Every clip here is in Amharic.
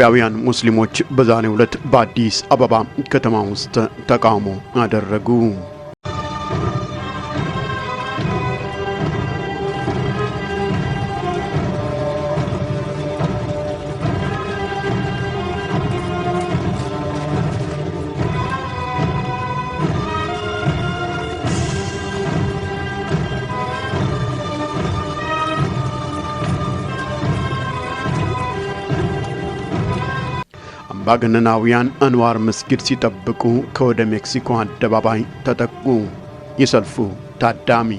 ኢትዮጵያውያን ሙስሊሞች በዛሬው ዕለት በአዲስ አበባ ከተማ ውስጥ ተቃውሞ አደረጉ። አምባገነናውያን አንዋር መስጊድ ሲጠብቁ ከወደ ሜክሲኮ አደባባይ ተጠቁ። የሰልፉ ታዳሚ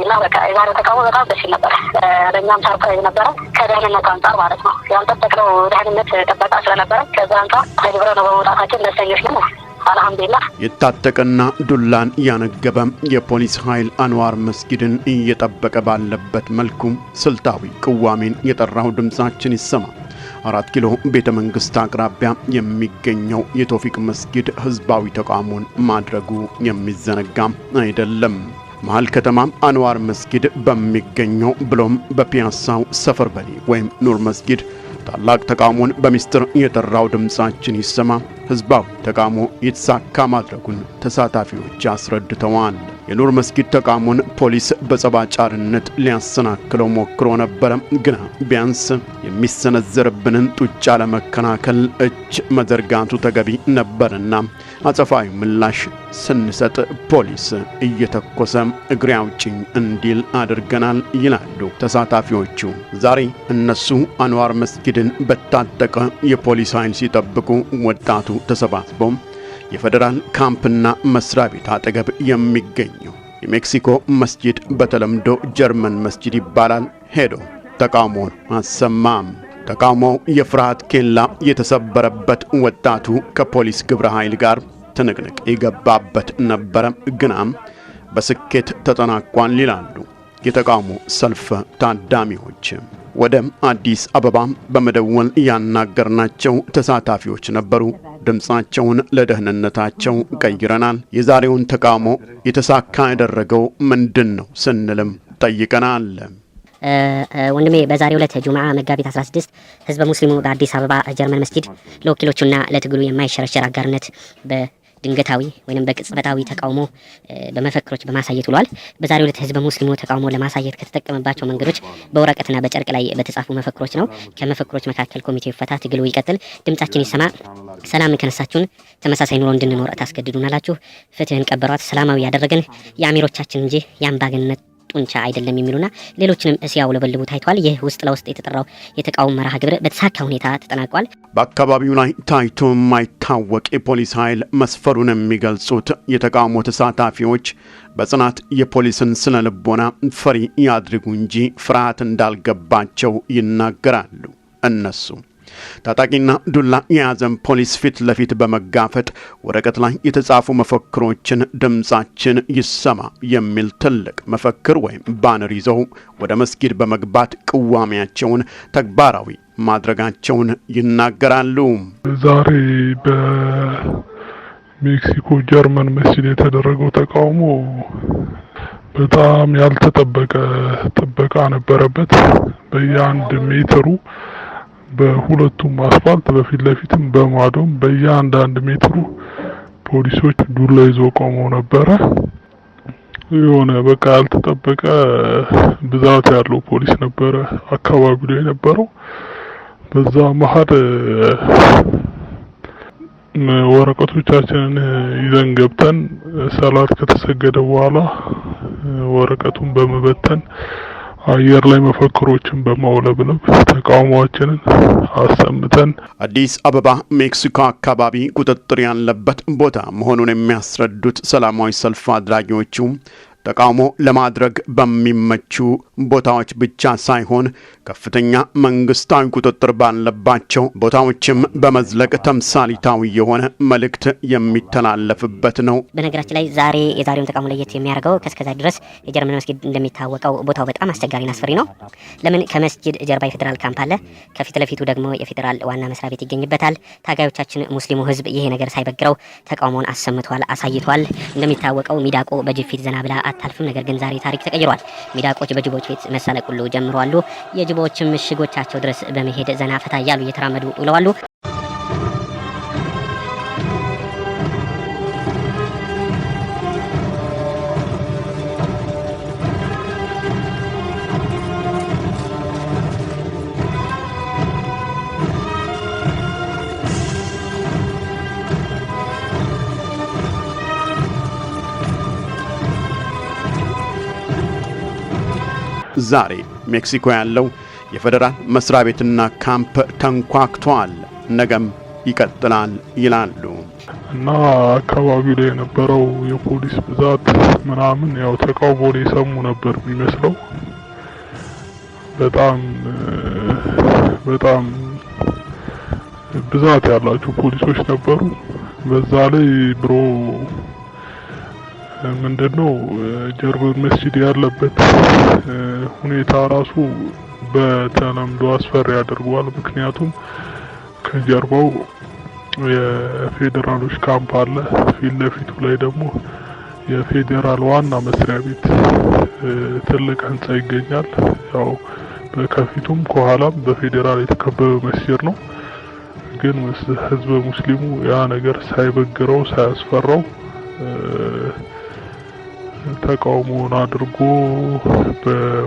እና በቃ የዛሬ ተቃውሞ በጣም ደስ ይል ነበር። ከደህንነት አንጻር ማለት ነው። ያልጠበቅነው ደህንነት ጥበቃ ስለነበረ ከዛ አንጻር ተግብረ ነው በመውጣታችን ደስተኞች አልሐምዱሊላህ። የታጠቀና ዱላን ያነገበም የፖሊስ ኃይል አንዋር መስጊድን እየጠበቀ ባለበት መልኩም ስልታዊ ቅዋሜን የጠራው ድምፃችን ይሰማል። አራት ኪሎ ቤተ መንግስት አቅራቢያ የሚገኘው የቶፊቅ መስጊድ ህዝባዊ ተቋሙን ማድረጉ የሚዘነጋም አይደለም። መሀል ከተማ አንዋር መስጊድ በሚገኘው ብሎም በፒያሳው ሰፈር በሊ ወይም ኑር መስጊድ ታላቅ ተቃውሞን በሚስጥር የጠራው ድምፃችን ይሰማ ህዝባዊ ተቃውሞ የተሳካ ማድረጉን ተሳታፊዎች አስረድተዋል። የኑር መስጊድ ተቃውሞን ፖሊስ በጸብ አጫሪነት ሊያሰናክለው ሞክሮ ነበረ። ግና ቢያንስ የሚሰነዘርብንን ጡጫ ለመከላከል እጅ መዘርጋቱ ተገቢ ነበርና አጸፋዊ ምላሽ ስንሰጥ ፖሊስ እየተኮሰ እግሬ እንዲል አድርገናል ይላሉ ተሳታፊዎቹ። ዛሬ እነሱ አንዋር መስጊድን በታጠቀ የፖሊስ ኃይል ሲጠብቁ ወጣቱ ተሰባስቦም የፌዴራል ካምፕና መስሪያ ቤት አጠገብ የሚገኘው የሜክሲኮ መስጂድ በተለምዶ ጀርመን መስጂድ ይባላል። ሄዶ ተቃውሞውን አሰማም። ተቃውሞው የፍርሃት ኬላ የተሰበረበት ወጣቱ ከፖሊስ ግብረ ኃይል ጋር ትንቅንቅ የገባበት ነበረ፣ ግናም በስኬት ተጠናቋል ይላሉ የተቃውሞ ሰልፍ ታዳሚዎች። ወደ አዲስ አበባ በመደወል ያናገርናቸው ተሳታፊዎች ነበሩ። ድምፃቸውን ለደህንነታቸው ቀይረናል። የዛሬውን ተቃውሞ የተሳካ ያደረገው ምንድን ነው ስንልም ጠይቀናል። ወንድሜ በዛሬው ዕለት ጁምዓ መጋቢት 16 ህዝበ ሙስሊሙ በአዲስ አበባ ጀርመን መስጂድ ለወኪሎቹና ለትግሉ የማይሸረሸር አጋርነት ድንገታዊ ወይም በቅጽበታዊ ተቃውሞ በመፈክሮች በማሳየት ውሏል። በዛሬ ሁለት ህዝበ ሙስሊሙ ተቃውሞ ለማሳየት ከተጠቀመባቸው መንገዶች በወረቀትና በጨርቅ ላይ በተጻፉ መፈክሮች ነው። ከመፈክሮች መካከል ኮሚቴው ይፈታ፣ ትግሉ ይቀጥል፣ ድምጻችን ይሰማ፣ ሰላም ከነሳችሁን ተመሳሳይ ኑሮ እንድንኖር ታስገድዱናላችሁ፣ ፍትህን ቀበሯት፣ ሰላማዊ ያደረገን የአሚሮቻችን እንጂ የአምባገነንነት ጡንቻ አይደለም የሚሉና ሌሎችንም ሲያውለበልቡ ታይተዋል። ይህ ውስጥ ለውስጥ የተጠራው የተቃውሞ መርሃ ግብር በተሳካ ሁኔታ ተጠናቋል። በአካባቢው ላይ ታይቶ የማይታወቅ የፖሊስ ኃይል መስፈሩን የሚገልጹት የተቃውሞ ተሳታፊዎች በጽናት የፖሊስን ስነ ልቦና ፈሪ ያድርጉ እንጂ ፍርሃት እንዳልገባቸው ይናገራሉ። እነሱም ታጣቂና ዱላ የያዘን ፖሊስ ፊት ለፊት በመጋፈጥ ወረቀት ላይ የተጻፉ መፈክሮችን ድምፃችን ይሰማ የሚል ትልቅ መፈክር ወይም ባነር ይዘው ወደ መስጊድ በመግባት ቅዋሚያቸውን ተግባራዊ ማድረጋቸውን ይናገራሉ። ዛሬ በሜክሲኮ ጀርመን መስጊድ የተደረገው ተቃውሞ በጣም ያልተጠበቀ ጥበቃ ነበረበት። በየአንድ ሜትሩ በሁለቱም አስፋልት በፊት ለፊትም በማዶም በእያንዳንድ ሜትሩ ፖሊሶች ዱላ ይዞ ቆመው ነበረ። የሆነ በቃ ያልተጠበቀ ብዛት ያለው ፖሊስ ነበረ አካባቢ ላይ የነበረው። በዛ መሀል ወረቀቶቻችንን ይዘን ገብተን ሰላት ከተሰገደ በኋላ ወረቀቱን በመበተን አየር ላይ መፈክሮችን በማውለብለብ ተቃውሟችንን አሰምተን አዲስ አበባ ሜክሲኮ አካባቢ ቁጥጥር ያለበት ቦታ መሆኑን የሚያስረዱት ሰላማዊ ሰልፍ አድራጊዎቹ ተቃውሞ ለማድረግ በሚመቹ ቦታዎች ብቻ ሳይሆን ከፍተኛ መንግስታዊ ቁጥጥር ባለባቸው ቦታዎችም በመዝለቅ ተምሳሊታዊ የሆነ መልእክት የሚተላለፍበት ነው። በነገራችን ላይ ዛሬ የዛሬውን ተቃውሞ ለየት የሚያደርገው ከስከዛ ድረስ የጀርመን መስጊድ እንደሚታወቀው ቦታው በጣም አስቸጋሪና አስፈሪ ነው። ለምን ከመስጊድ ጀርባ የፌዴራል ካምፕ አለ፣ ከፊት ለፊቱ ደግሞ የፌዴራል ዋና መስሪያ ቤት ይገኝበታል። ታጋዮቻችን ሙስሊሙ ህዝብ ይሄ ነገር ሳይበግረው ተቃውሞውን አሰምቷል፣ አሳይቷል። እንደሚታወቀው ሚዳቆ በጅፊት ዘና ብላ አታልፍም። ነገር ግን ዛሬ ታሪክ ተቀይሯል። ሚዳቆች በጅቦች ቤት መሰነቅ ሁሉ ጀምረዋሉ። የጅቦችም ምሽጎቻቸው ድረስ በመሄድ ዘና ፈታ እያሉ እየተራመዱ ውለዋሉ። ዛሬ ሜክሲኮ ያለው የፌዴራል መስሪያ ቤትና ካምፕ ተንኳክቷል፣ ነገም ይቀጥላል ይላሉ። እና አካባቢው ላይ የነበረው የፖሊስ ብዛት ምናምን ያው ተቃውሞ የሰሙ ነበር የሚመስለው። በጣም በጣም ብዛት ያላቸው ፖሊሶች ነበሩ። በዛ ላይ ብሮ ምንድን ነው ጀርመን መስጂድ ያለበት ሁኔታ ራሱ በተለምዶ አስፈሪ ያደርገዋል። ምክንያቱም ከጀርባው የፌዴራሎች ካምፕ አለ፣ ፊት ለፊቱ ላይ ደግሞ የፌዴራል ዋና መስሪያ ቤት ትልቅ ህንፃ ይገኛል። ያው በከፊቱም ከኋላም በፌዴራል የተከበበ መስጂድ ነው። ግን ህዝበ ሙስሊሙ ያ ነገር ሳይበግረው ሳያስፈራው ተቃውሞውን አድርጎ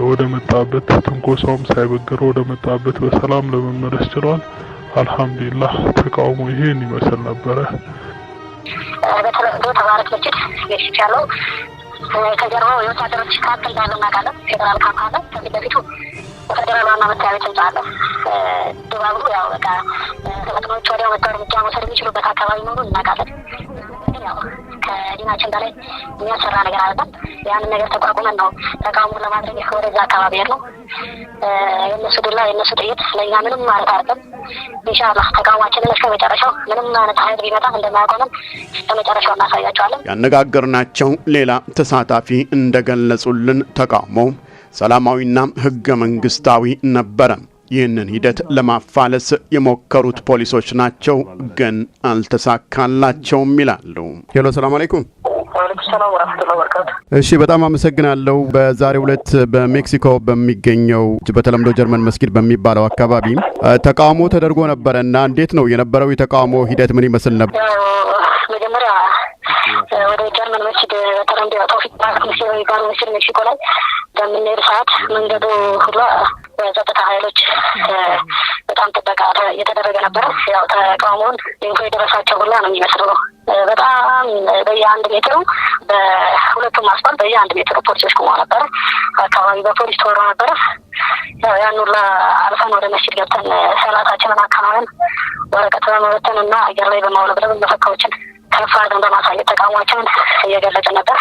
ወደ መጣበት ትንኮሳውም ሳይበግረው ወደ መጣበት በሰላም ለመመለስ ችሏል። አልሐምዱሊላህ። ተቃውሞ ይሄን ይመስል ነበረ። በተለምዶ ተባረክ ምችት ቤስቻለው ከጀርባው የወታደሮች ካምፕ እንዳለ እናውቃለን። ፌደራል ካምፕ አለ። ከዚህ በፊቱ ፌደራል ዋና መስሪያ ቤት ህንጻ አለ። ድባቡ ያው በቃ ተፈጥኖች ወዲያው እርምጃ መውሰድ የሚችሉበት አካባቢ መሆኑን እናውቃለን። ከዲናችን በላይ የሚያሰራ ነገር አለበት። ያንን ነገር ተቋቁመን ነው ተቃውሞ ለማድረግ ወደዛ አካባቢ ያለው የእነሱ ዱላ የእነሱ ጥይት ለእኛ ምንም ማለት አርቅም። እንሻላ ተቃውሟችንን እስከ መጨረሻው ምንም አይነት ሀይል ቢመጣ እንደማያቆምም እስከ መጨረሻው እናሳያቸዋለን። ያነጋገርናቸው ሌላ ተሳታፊ እንደገለጹልን ተቃውሞ ሰላማዊና ህገ መንግስታዊ ነበረ። ይህንን ሂደት ለማፋለስ የሞከሩት ፖሊሶች ናቸው፣ ግን አልተሳካላቸውም ይላሉ። ሄሎ፣ ሰላም አለይኩም። እሺ በጣም አመሰግናለሁ። በዛሬው ዕለት በሜክሲኮ በሚገኘው በተለምዶ ጀርመን መስጊድ በሚባለው አካባቢ ተቃውሞ ተደርጎ ነበረ እና እንዴት ነው የነበረው የተቃውሞ ሂደት? ምን ይመስል ነበር? መጀመሪያ ወደ ጀርመን መስጅድ በተለምዶ ቶፊክ ፓርክ ምስል የሚባለው ምስል ሜክሲኮ ላይ በምንሄድ ሰዓት መንገዱ ሁሉ በጸጥታ ኃይሎች በጣም ጥበቃ እየተደረገ ነበረ። ያው ተቃውሞውን ሊንኮ የደረሳቸው ሁላ ነው የሚመስሉ ነው። በጣም በየአንድ ሜትሩ በሁለቱም አስፋል በየአንድ ሜትሩ ፖሊሶች ቁመው ነበረ። አካባቢ በፖሊስ ተወሮ ነበረ። ያው ያን ሁላ አልፈን ወደ መስጅድ ገብተን ሰላታችንን አከናወን ወረቀት በመበተን እና አየር ላይ በማውለብለብ መፈካዎችን ከፍ አድርገን በማሳየት ተቃውሟቸውን እየገለጽ ነበር።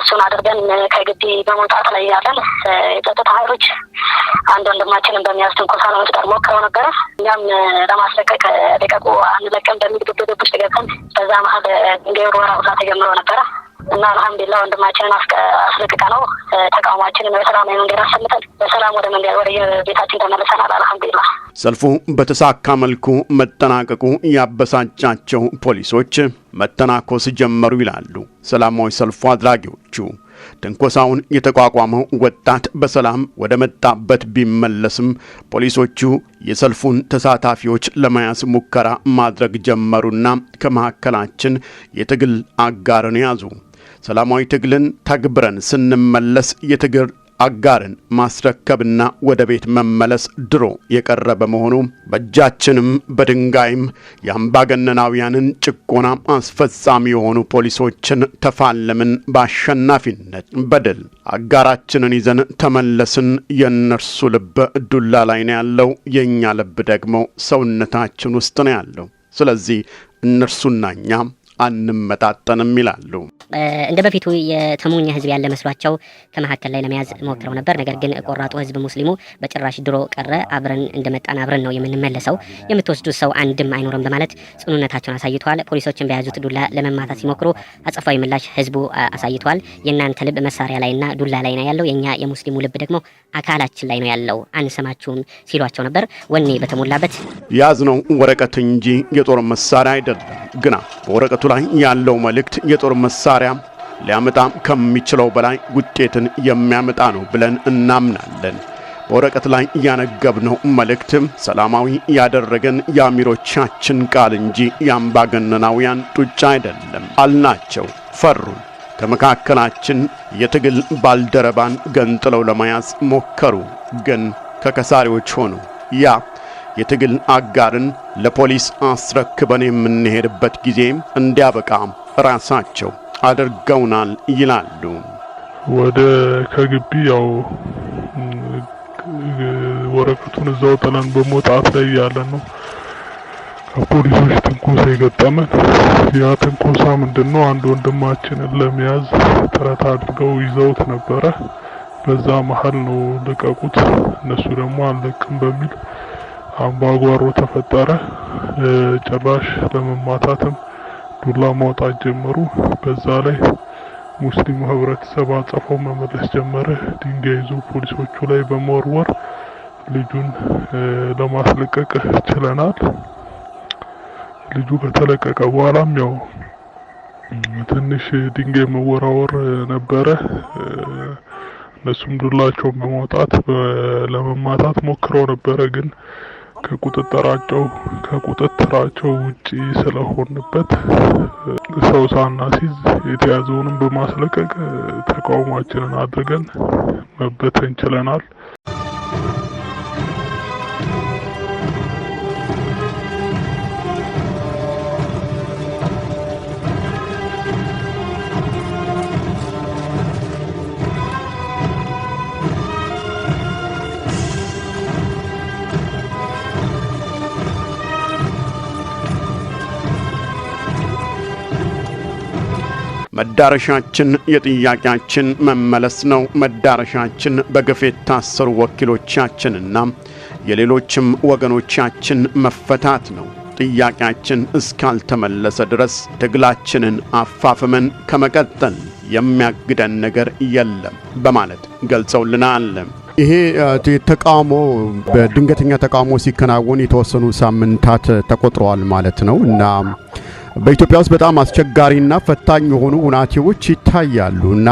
እሱን አድርገን ከግቢ በመውጣት ላይ ያለን የጸጥታ ኃይሎች አንድ ወንድማችንን በሚያዝ ትንኮሳ ለመፍጠር ሞክረው ነበረ። እኛም ለማስለቀቅ ልቀቁ አንለቀም በሚል ግብ ውስጥ ገብተን በዛ መሀል ድንጋይ ውርወራ ሁላ ተጀምሮ ነበረ። እና አልሐምዱላ ወንድማችንን አስለቅቀ ነው ተቃውሟችንን በሰላማዊ መንገድ አሰምተን በሰላም ወደ መንገድ ወደ የቤታችን ተመልሰናል። አልሐምዱላ ሰልፉ በተሳካ መልኩ መጠናቀቁ ያበሳጫቸው ፖሊሶች መተናኮስ ጀመሩ ይላሉ ሰላማዊ ሰልፉ አድራጊዎቹ። ትንኮሳውን የተቋቋመው ወጣት በሰላም ወደ መጣበት ቢመለስም ፖሊሶቹ የሰልፉን ተሳታፊዎች ለመያዝ ሙከራ ማድረግ ጀመሩና ከመካከላችን የትግል አጋርን ያዙ ሰላማዊ ትግልን ተግብረን ስንመለስ የትግል አጋርን ማስረከብና ወደ ቤት መመለስ ድሮ የቀረ በመሆኑ በእጃችንም በድንጋይም የአምባገነናውያንን ጭቆና አስፈጻሚ የሆኑ ፖሊሶችን ተፋለምን። በአሸናፊነት በድል አጋራችንን ይዘን ተመለስን። የእነርሱ ልብ ዱላ ላይ ነው ያለው፣ የእኛ ልብ ደግሞ ሰውነታችን ውስጥ ነው ያለው። ስለዚህ እነርሱና እኛም አንመጣጠንም ይላሉ። እንደ በፊቱ የተሞኘ ህዝብ ያለ መስሏቸው ከመካከል ላይ ለመያዝ ሞክረው ነበር። ነገር ግን ቆራጡ ህዝብ ሙስሊሙ በጭራሽ ድሮ ቀረ፣ አብረን እንደመጣን አብረን ነው የምንመለሰው፣ የምትወስዱት ሰው አንድም አይኖርም በማለት ጽኑነታቸውን አሳይተዋል። ፖሊሶችን በያዙት ዱላ ለመማታት ሲሞክሩ አጸፋዊ ምላሽ ህዝቡ አሳይተዋል። የእናንተ ልብ መሳሪያ ላይና ዱላ ላይ ነው ያለው፣ የእኛ የሙስሊሙ ልብ ደግሞ አካላችን ላይ ነው ያለው፣ አንሰማችሁም ሲሏቸው ነበር። ወኔ በተሞላበት ያዝ ነው ወረቀት እንጂ የጦር መሳሪያ አይደለም ግና በወረቀቱ ላይ ያለው መልእክት የጦር መሳሪያ ሊያመጣ ከሚችለው በላይ ውጤትን የሚያመጣ ነው ብለን እናምናለን። በወረቀት ላይ ያነገብነው መልእክት ሰላማዊ ያደረገን የአሚሮቻችን ቃል እንጂ የአምባገነናውያን ጡጫ አይደለም አልናቸው። ፈሩን። ከመካከላችን የትግል ባልደረባን ገንጥለው ለመያዝ ሞከሩ፣ ግን ከከሳሪዎች ሆኑ። ያ የትግል አጋርን ለፖሊስ አስረክበን የምንሄድበት ጊዜም እንዲያበቃም ራሳቸው አድርገውናል ይላሉ። ወደ ከግቢ ያው ወረቀቱን እዛው ጥለን በመውጣት ላይ ያለን ነው ከፖሊሶች ትንኮሳ የገጠመን። ያ ትንኮሳ ምንድን ነው? አንድ ወንድማችንን ለመያዝ ጥረት አድርገው ይዘውት ነበረ። በዛ መሀል ነው ልቀቁት፣ እነሱ ደግሞ አንለቅም በሚል አምባጓሮ ተፈጠረ። ጭራሽ ለመማታትም ዱላ ማውጣት ጀመሩ። በዛ ላይ ሙስሊሙ ህብረተሰብ አጸፋው መመለስ ጀመረ። ድንጋይ ይዞ ፖሊሶቹ ላይ በመወርወር ልጁን ለማስለቀቅ ችለናል። ልጁ ከተለቀቀ በኋላም ያው ትንሽ ድንጋይ መወራወር ነበረ። እነሱም ዱላቸውን በማውጣት ለመማታት ሞክረው ነበረ ግን ከቁጥጥራቸው ከቁጥጥራቸው ውጪ ስለሆንበት ሰው ሳናሲዝ የተያዘውንም በማስለቀቅ ተቃውሟችንን አድርገን መበተን ችለናል። መዳረሻችን የጥያቄያችን መመለስ ነው። መዳረሻችን በግፍ የታሰሩ ወኪሎቻችንና የሌሎችም ወገኖቻችን መፈታት ነው። ጥያቄያችን እስካልተመለሰ ድረስ ትግላችንን አፋፍመን ከመቀጠል የሚያግደን ነገር የለም በማለት ገልጸውልናል። ይሄ ተቃውሞ በድንገተኛ ተቃውሞ ሲከናወን የተወሰኑ ሳምንታት ተቆጥረዋል ማለት ነው እና በኢትዮጵያ ውስጥ በጣም አስቸጋሪና ፈታኝ የሆኑ ሁናቴዎች ይታያሉ እና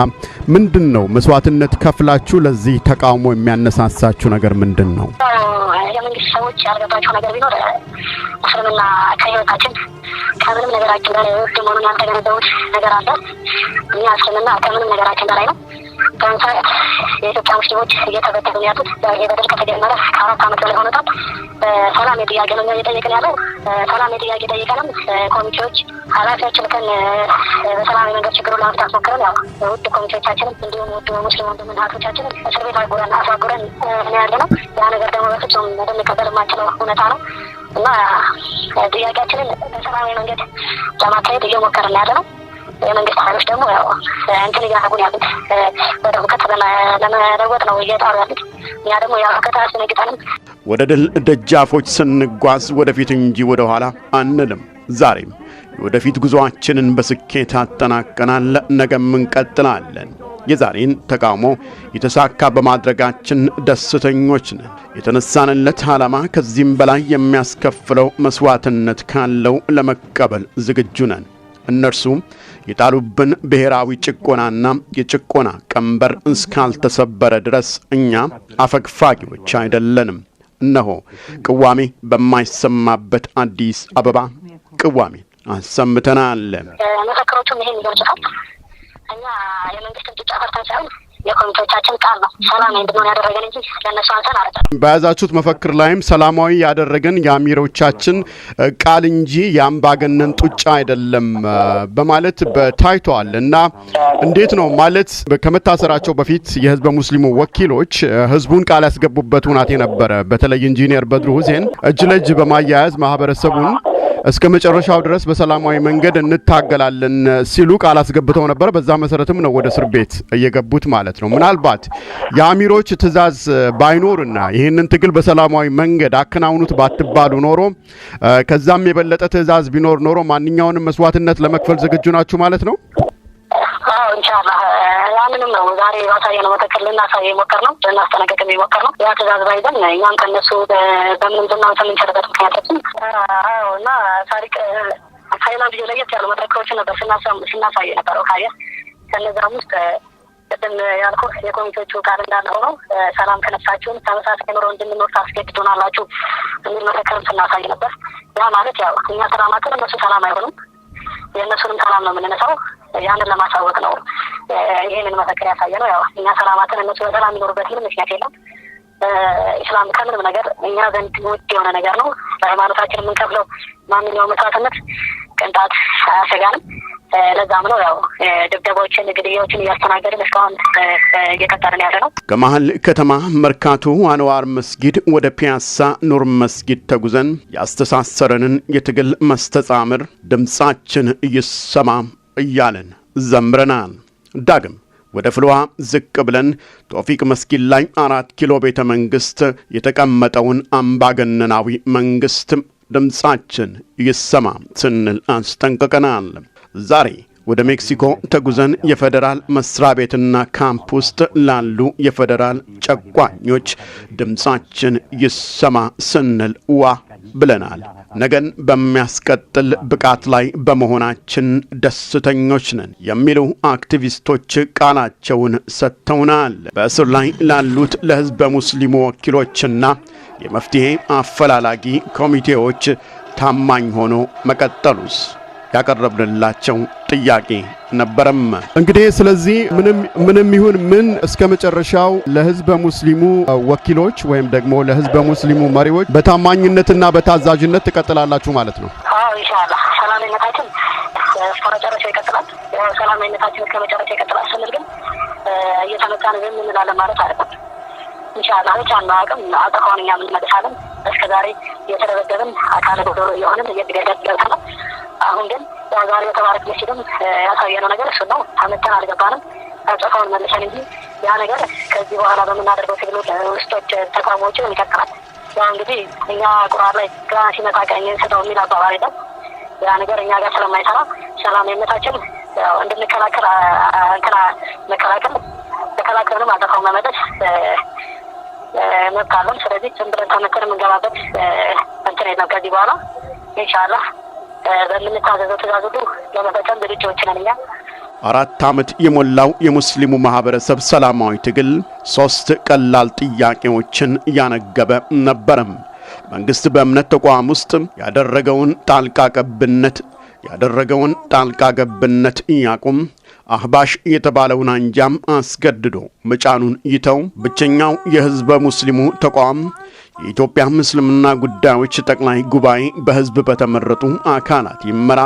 ምንድን ነው መስዋዕትነት ከፍላችሁ ለዚህ ተቃውሞ የሚያነሳሳችሁ ነገር ምንድን ነው? የመንግስት ሰዎች ያልገባቸው ነገር ቢኖር እስልምና ከህይወታችን ከምንም ነገራችን በላይ ውድ መሆኑን ያልተገነዘቡት ነገር አለ። እኛ እስልምና ከምንም ነገራችን በላይ ነው። በመሰረት የኢትዮጵያ ሙስሊሞች እየተበደሉ ያሉት ይሄ በደል ከተጀመረ ከአራት ዓመት በላይ ሆኖታል። ሰላም የጥያቄ ነው እየጠየቅን ያለው ሰላም የጥያቄ ጠይቀንም ኮሚቴዎች ኃላፊዎች ልከን በሰላማዊ መንገድ ችግሩ ለመፍታት ሞክረን ያው ውድ ኮሚቴዎቻችንም እንዲሁም ውድ ሙስሊም ወንድምና እህቶቻችንም እስር ቤት አጉረን አሳጉረን ነው ያለ ነው። ያ ነገር ደግሞ በፍጹም ልንቀበል የማንችለው እውነታ ነው እና ጥያቄያችንን በሰላማዊ መንገድ ለማካሄድ እየሞከርን ያለ ነው። የመንግስት ኃይሎች ደግሞ ያው እንትን እያደረጉን ያሉት ወደ ሁከት ለመለወጥ ነው እየጣሩ ያሉት። እኛ ደግሞ ያው ሁከት አያስደነግጠንም። ወደ ድል ደጃፎች ስንጓዝ ወደፊት እንጂ ወደ ኋላ አንልም። ዛሬም የወደፊት ጉዞአችንን በስኬት አጠናቀናል። ነገም እንቀጥላለን። የዛሬን ተቃውሞ የተሳካ በማድረጋችን ደስተኞች ነን። የተነሳንለት ዓላማ ከዚህም በላይ የሚያስከፍለው መሥዋዕትነት ካለው ለመቀበል ዝግጁ ነን። እነርሱም የጣሉብን ብሔራዊ ጭቆናና የጭቆና ቀንበር እስካልተሰበረ ድረስ እኛ አፈግፋጊዎች አይደለንም። እነሆ ቅዋሜ በማይሰማበት አዲስ አበባ ቅዋሜ አሰምተናል። መፈክሮቹም ይህን ይገልጹታል። እኛ የመንግስትን ጭጫ ፈርተን ሳይሆን የኮሚቴዎቻችን ቃል ነው ሰላም እንድንሆን ያደረገን እንጂ ለነሱ አንተን አረጠ። በያዛችሁት መፈክር ላይም ሰላማዊ ያደረገን የአሚሮቻችን ቃል እንጂ የአምባገነን ጡጫ አይደለም በማለት በታይቷል እና እንዴት ነው ማለት ከመታሰራቸው በፊት የህዝበ ሙስሊሙ ወኪሎች ህዝቡን ቃል ያስገቡበት ሁናቴ ነበረ። በተለይ ኢንጂኒየር በድሩ ሁሴን እጅ ለእጅ በማያያዝ ማህበረሰቡን እስከ መጨረሻው ድረስ በሰላማዊ መንገድ እንታገላለን ሲሉ ቃል አስገብተው ነበር። በዛ መሰረትም ነው ወደ እስር ቤት እየገቡት ማለት ነው። ምናልባት የአሚሮች ትዕዛዝ ባይኖርና ይህንን ትግል በሰላማዊ መንገድ አከናውኑት ባትባሉ ኖሮ ከዛም የበለጠ ትዕዛዝ ቢኖር ኖሮ ማንኛውንም መስዋዕትነት ለመክፈል ዝግጁ ናችሁ ማለት ነው። አዎ እንሻላ ያንንም ነው ዛሬ ማሳየ ነው መተከል ልናሳየ የሞከር ነው ልናስጠነቀቅ የሞከር ነው ያ ትእዛዝ ባይዘን እኛም ከነሱ በምንም ዝናንተ ምንችልበት ምክንያቶችን እና ታሪክ ሀይላንድ ለየት ያሉ መድረኮችን ነበር ስናሳየ ነበረው ካየ ከነዛም ውስጥ ቅድም ያልኩ የኮሚቴዎቹ ቃል እንዳለ ሆኖ ሰላም ከነፍሳችሁን ተመሳሳይ ኑሮ እንድንኖር ታስገድዶናላችሁ የሚል መተከልም ስናሳይ ነበር። ያ ማለት ያው እኛ ሰላማትን እነሱ ሰላም አይሆኑም፣ የእነሱንም ሰላም ነው የምንነሳው። ያንን ለማሳወቅ ነው ይህንን መፈክር ያሳየ ነው። ያው እኛ ሰላማትን እነሱ በሰላም የሚኖሩበት ምንም ምክንያት የለም። ኢስላም ከምንም ነገር እኛ ዘንድ ውድ የሆነ ነገር ነው። በሃይማኖታችን የምንከፍለው ማንኛውም መስዋዕትነት ቅንጣት አያሰጋንም። ለዛም ነው ያው ድብደባዎችን፣ ግድያዎችን እያስተናገድን እስካሁን እየቀጠልን ያለ ነው። ከመሀል ከተማ መርካቶ አንዋር መስጊድ ወደ ፒያሳ ኑር መስጊድ ተጉዘን ያስተሳሰረንን የትግል መስተጻምር ድምጻችን ይሰማ እያልን ዘምረናል። ዳግም ወደ ፍልውሃ ዝቅ ብለን ቶፊቅ መስጊድ ላይ አራት ኪሎ ቤተ መንግሥት የተቀመጠውን አምባገነናዊ መንግሥት ድምፃችን ይሰማ ስንል አስጠንቅቀናል። ዛሬ ወደ ሜክሲኮ ተጉዘን የፌዴራል መስሪያ ቤትና ካምፕ ውስጥ ላሉ የፌዴራል ጨቋኞች ድምፃችን ይሰማ ስንል ዋ ብለናል። ነገን በሚያስቀጥል ብቃት ላይ በመሆናችን ደስተኞች ነን የሚሉ አክቲቪስቶች ቃላቸውን ሰጥተውናል። በእስር ላይ ላሉት ለሕዝበ ሙስሊሙ ወኪሎችና የመፍትሔ አፈላላጊ ኮሚቴዎች ታማኝ ሆኖ መቀጠሉስ ያቀረብንላቸው ጥያቄ ነበረም። እንግዲህ ስለዚህ ምንም ይሁን ምን እስከ መጨረሻው ለህዝበ ሙስሊሙ ወኪሎች ወይም ደግሞ ለህዝበ ሙስሊሙ መሪዎች በታማኝነትና በታዛዥነት ትቀጥላላችሁ ማለት ነው። ኢንሻአላህ ሰላማዊነታችን እስከ መጨረሻው ይቀጥላል። ሰላማዊነታችን እስከ መጨረሻው ይቀጥላል ስንል ግን እየተመጣን ዝም እንላለን ማለት አይደለም። ኢንሻአላህ ብቻ አናውቅም አጠቃውን እኛ የምንመልሳለን። እስከዛሬ እየተደበደብን አካለ ጎደሎ እየሆንን እየተገደብን አሁን ግን ዛሬ የተባረክ ሲልም ያሳየነው ነገር እሱ ነው። አምተን አልገባንም ጨፋውን መልሰን እንጂ ያ ነገር ከዚህ በኋላ በምናደርገው ትግል ውስጦች ተቃውሞዎችን ይቀጥላል። ያ እንግዲህ እኛ ቁርአን ላይ ግራ ሲመጣ ቀኝ ስጠው የሚል አባባል የለም። ያ ነገር እኛ ጋር ስለማይሰራ ሰላም ሰላማዊነታችን እንድንከላከል እንትና መከላከል ተከላከልንም አጠፋው መመለስ መብት አለን። ስለዚህ ዝም ብለን ተመክር የምንገባበት እንትን ነው ከዚህ በኋላ ኢንሻአላህ በምንታዘዘው ትእዛዝ ሁሉ ለመፈጸም ዝግጁዎች ነን እኛ። አራት ዓመት የሞላው የሙስሊሙ ማህበረሰብ ሰላማዊ ትግል ሶስት ቀላል ጥያቄዎችን ያነገበ ነበረም። መንግስት በእምነት ተቋም ውስጥ ያደረገውን ጣልቃ ቀብነት ያደረገውን ጣልቃ ገብነት ያቁም። አህባሽ የተባለውን አንጃም አስገድዶ መጫኑን ይተው። ብቸኛው የህዝበ ሙስሊሙ ተቋም የኢትዮጵያ እስልምና ጉዳዮች ጠቅላይ ጉባኤ በህዝብ በተመረጡ አካላት ይመራ።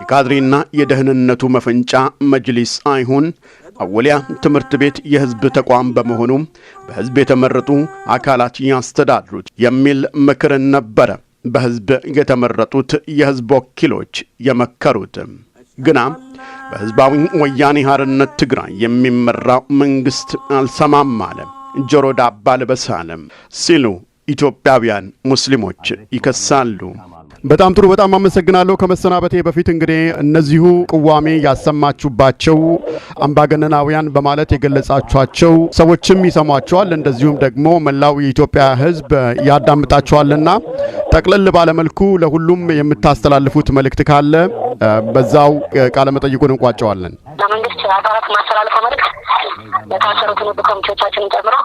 የካድሬና የደህንነቱ መፈንጫ መጅሊስ አይሁን። አወሊያ ትምህርት ቤት የህዝብ ተቋም በመሆኑ በህዝብ የተመረጡ አካላት ያስተዳድሩት የሚል ምክርን ነበረ። በሕዝብ የተመረጡት የሕዝብ ወኪሎች የመከሩት ግና በሕዝባዊ ወያኔ ሓርነት ትግራይ የሚመራው መንግሥት አልሰማም አለ፣ ጆሮ ዳባ ልበስ አለ ሲሉ ኢትዮጵያውያን ሙስሊሞች ይከሳሉ። በጣም ጥሩ፣ በጣም አመሰግናለሁ። ከመሰናበቴ በፊት እንግዲህ እነዚሁ ቅዋሜ ያሰማችሁባቸው አምባገነናውያን በማለት የገለጻችኋቸው ሰዎችም ይሰሟቸዋል፣ እንደዚሁም ደግሞ መላው የኢትዮጵያ ሕዝብ ያዳምጣቸዋልና ጠቅለል ባለመልኩ ለሁሉም የምታስተላልፉት መልእክት ካለ በዛው ቃለ መጠይቁን እንቋጨዋለን። ለመንግስት አካላት ማስተላልፈው መልእክት የታሰሩትን ኮሚቴዎቻችንን ጨምሮ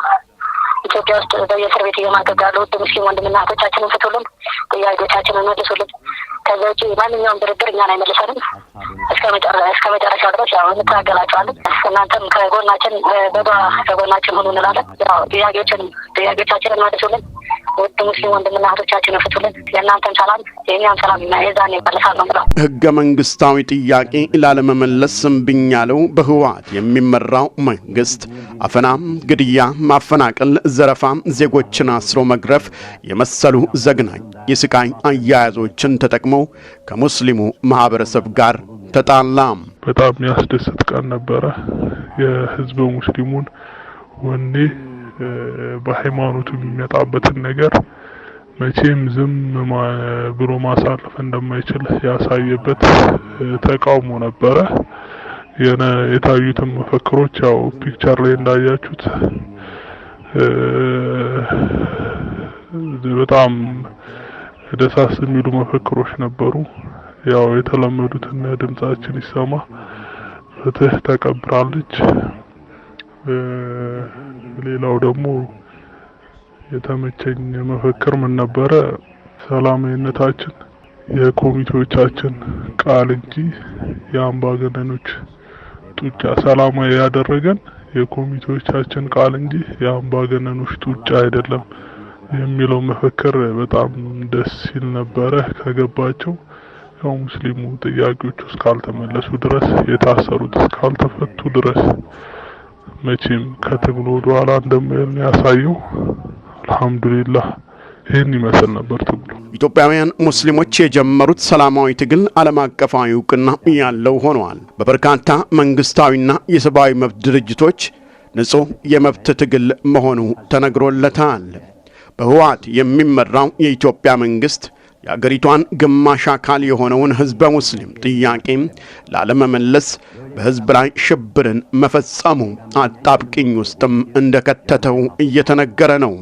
ኢትዮጵያ ውስጥ በየእስር ቤት እየማገጋሉ ያሉ ውድ ሙስሊም ወንድምና እህቶቻችንን ፍቱልን፣ ጥያቄዎቻችንን መልሱልን። ከዚ ውጭ ማንኛውም ድርድር እኛን አይመልሰንም። እስከ መጨረሻ ድረስ ያው እንታገላቸዋለን። እናንተም ከጎናችን በዷ ከጎናችን ሁኑ እንላለን። ያው ጥያቄዎችን ጥያቄዎቻችንን መልሱልን። ውድ ሙስሊም ወንድምና እህቶቻችን ፍቱልን። የእናንተን ሰላም የእኛን ሰላም የዛን ይመለሳል ነው ብለው ህገ መንግስታዊ ጥያቄ ላለመመለስ ስንብኝ ያለው በህወሓት የሚመራው መንግስት አፈናም፣ ግድያ፣ ማፈናቀል፣ ዘረፋም፣ ዜጎችን አስሮ መግረፍ የመሰሉ ዘግናኝ የስቃይ አያያዞችን ተጠቅመው ከሙስሊሙ ማህበረሰብ ጋር ተጣላም። በጣም ያስደስት ቀን ነበረ የህዝበ ሙስሊሙን ወኔ በሃይማኖቱ የሚመጣበትን ነገር መቼም ዝም ብሎ ማሳለፍ እንደማይችል ያሳየበት ተቃውሞ ነበረ። የታዩትን መፈክሮች ያው ፒክቸር ላይ እንዳያችሁት በጣም ደሳስ የሚሉ መፈክሮች ነበሩ። ያው የተለመዱትን ድምጻችን ይሰማ፣ ፍትህ ተቀብራለች ሌላው ደግሞ የተመቸኝ መፈክር ምን ነበረ? ሰላማዊነታችን የኮሚቴዎቻችን ቃል እንጂ የአምባገነኖች ጡጫ ሰላማዊ ያደረገን የኮሚቴዎቻችን ቃል እንጂ የአምባገነኖች ጡጫ አይደለም የሚለው መፈክር በጣም ደስ ሲል ነበረ። ከገባቸው ያው ሙስሊሙ ጥያቄዎች እስካልተመለሱ ድረስ የታሰሩት እስካልተፈቱ ድረስ መቼም ከትግሉ ወደኋላ እንደማይል ያሳየው። አልሐምዱሊላህ ይህን ይመስል ነበር ትግሉ። ኢትዮጵያውያን ሙስሊሞች የጀመሩት ሰላማዊ ትግል ዓለም አቀፋዊ እውቅና ያለው ሆነዋል። በበርካታ መንግስታዊና የሰብአዊ መብት ድርጅቶች ንጹህ የመብት ትግል መሆኑ ተነግሮለታል። በህወሓት የሚመራው የኢትዮጵያ መንግስት ። የአገሪቷን ግማሽ አካል የሆነውን ህዝበ ሙስሊም ጥያቄ ላለመመለስ በህዝብ ላይ ሽብርን መፈጸሙ አጣብቂኝ ውስጥም እንደከተተው እየተነገረ ነው።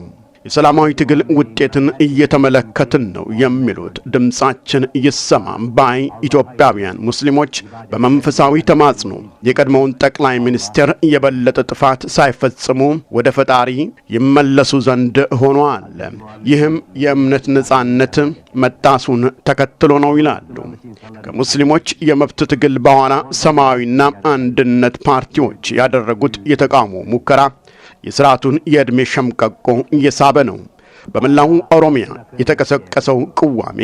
የሰላማዊ ትግል ውጤትን እየተመለከትን ነው የሚሉት ድምፃችን ይሰማ ባይ ኢትዮጵያውያን ሙስሊሞች በመንፈሳዊ ተማጽኖ የቀድሞውን ጠቅላይ ሚኒስቴር የበለጠ ጥፋት ሳይፈጽሙ ወደ ፈጣሪ ይመለሱ ዘንድ ሆኗል። ይህም የእምነት ነጻነት መጣሱን ተከትሎ ነው ይላሉ። ከሙስሊሞች የመብት ትግል በኋላ ሰማያዊና አንድነት ፓርቲዎች ያደረጉት የተቃውሞ ሙከራ የስርዓቱን የዕድሜ ሸምቀቆ እየሳበ ነው። በመላው ኦሮሚያ የተቀሰቀሰው ቅዋሜ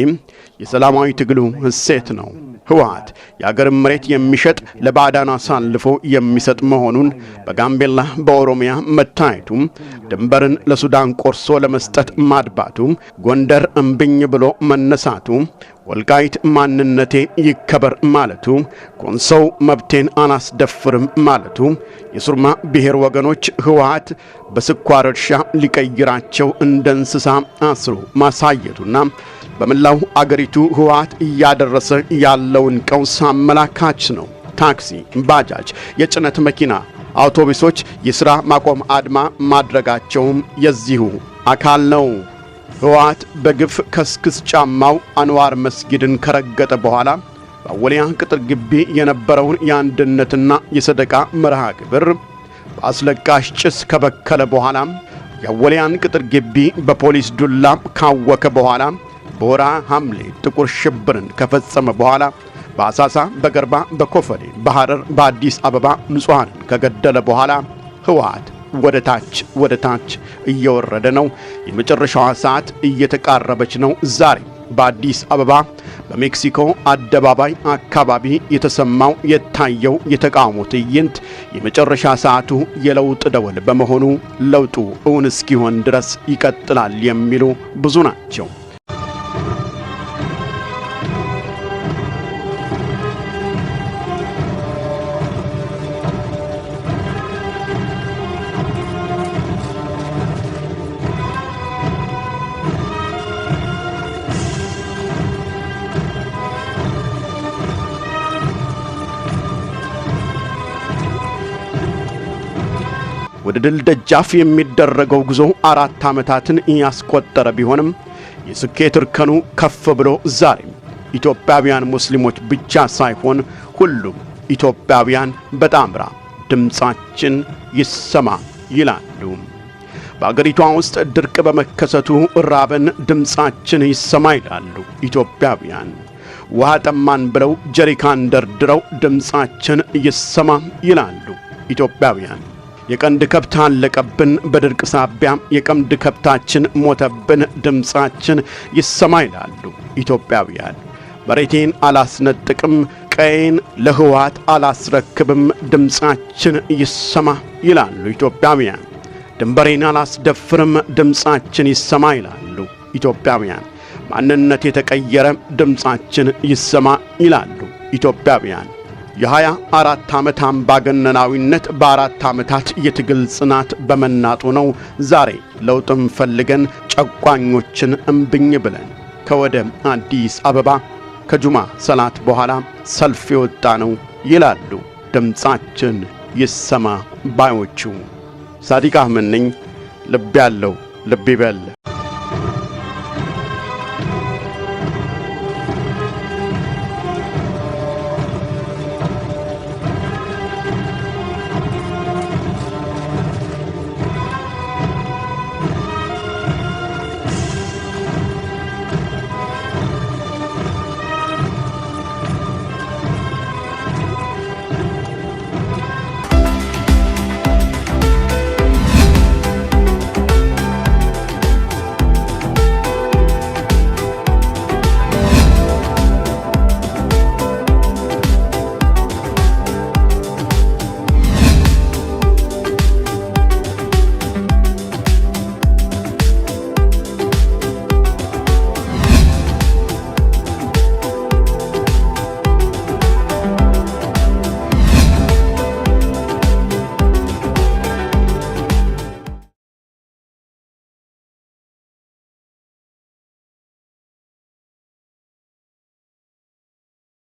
የሰላማዊ ትግሉ እሴት ነው። ህወሓት የአገር መሬት የሚሸጥ ለባዕዳን አሳልፎ የሚሰጥ መሆኑን በጋምቤላ በኦሮሚያ መታየቱም፣ ድንበርን ለሱዳን ቆርሶ ለመስጠት ማድባቱ፣ ጎንደር እምብኝ ብሎ መነሳቱ፣ ወልቃይት ማንነቴ ይከበር ማለቱ፣ ኮንሶው መብቴን አላስደፍርም ማለቱ የሱርማ ብሔር ወገኖች ህወሓት በስኳር እርሻ ሊቀይራቸው እንደ እንስሳ አስሮ ማሳየቱና በመላው አገሪቱ ህወሓት እያደረሰ ያለውን ቀውስ አመላካች ነው። ታክሲ፣ ባጃጅ፣ የጭነት መኪና፣ አውቶቡሶች የሥራ ማቆም አድማ ማድረጋቸውም የዚሁ አካል ነው። ህወሓት በግፍ ከስክስ ጫማው አንዋር መስጊድን ከረገጠ በኋላ በአወልያ ቅጥር ግቢ የነበረውን የአንድነትና የሰደቃ መርሃ ግብር በአስለቃሽ ጭስ ከበከለ በኋላ የአወሊያን ቅጥር ግቢ በፖሊስ ዱላ ካወከ በኋላ በወራ ሐምሌ ጥቁር ሽብርን ከፈጸመ በኋላ በአሳሳ፣ በገርባ፣ በኮፈሌ፣ በሐረር፣ በአዲስ አበባ ንጹሐንን ከገደለ በኋላ ህወሓት ወደ ታች ወደ ታች እየወረደ ነው። የመጨረሻዋ ሰዓት እየተቃረበች ነው። ዛሬ በአዲስ አበባ በሜክሲኮ አደባባይ አካባቢ የተሰማው የታየው የተቃውሞ ትዕይንት የመጨረሻ ሰዓቱ የለውጥ ደወል በመሆኑ ለውጡ እውን እስኪሆን ድረስ ይቀጥላል የሚሉ ብዙ ናቸው። ወደ ድል ደጃፍ የሚደረገው ጉዞ አራት ዓመታትን ያስቆጠረ ቢሆንም የስኬት እርከኑ ከፍ ብሎ ዛሬም ኢትዮጵያውያን ሙስሊሞች ብቻ ሳይሆን ሁሉም ኢትዮጵያውያን በጣምራ ድምፃችን ይሰማ ይላሉ። በአገሪቷ ውስጥ ድርቅ በመከሰቱ ራበን፣ ድምፃችን ይሰማ ይላሉ ኢትዮጵያውያን። ውሃ ጠማን ብለው ጀሪካን ደርድረው ድምፃችን ይሰማ ይላሉ ኢትዮጵያውያን። የቀንድ ከብት አለቀብን በድርቅ ሳቢያ የቀንድ ከብታችን ሞተብን፣ ድምፃችን ይሰማ ይላሉ ኢትዮጵያውያን። መሬቴን አላስነጥቅም፣ ቀይን ለህወሓት አላስረክብም፣ ድምፃችን ይሰማ ይላሉ ኢትዮጵያውያን። ድንበሬን አላስደፍርም፣ ድምፃችን ይሰማ ይላሉ ኢትዮጵያውያን። ማንነት የተቀየረ ድምፃችን ይሰማ ይላሉ ኢትዮጵያውያን። የሀያ አራት ዓመት አምባገነናዊነት በአራት ዓመታት የትግል ጽናት በመናጡ ነው ዛሬ ለውጥም ፈልገን ጨቋኞችን እምብኝ ብለን ከወደ አዲስ አበባ ከጁማ ሰላት በኋላ ሰልፍ የወጣ ነው ይላሉ ድምፃችን ይሰማ ባዮቹ። ሳዲቅ አህመድ ነኝ። ልብ ያለው ልብ ይበል።